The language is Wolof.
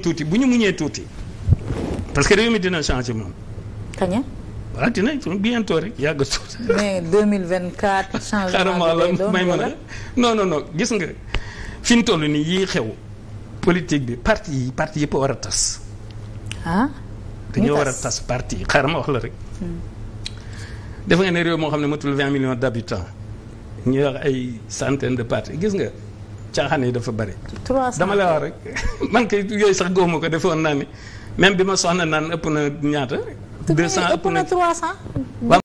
tuuti bu ñu muñee tuuti parce que réew mi dina changer moom. kañ. waaw dina bientôt rek yàgg tuuti. mais 2024. changement la may mën a non non non gis nga fi ñu toll nii yii xew politique bi parti yi parti yëpp war a tas. ah dañoo war a tas parti yi xaaral ma wax la rek. Hmm. def nga ne réew moo xam ne matul 20 millions d' habitants ñuy wax ay centaines de partis gis nga. caaxaan yi dafa bëri. dama la wax rek man kay yooyu sax góob ma ko defoon naa ni même bi ma soxna naan ëpp na ñaata. 200 ëpp na 300.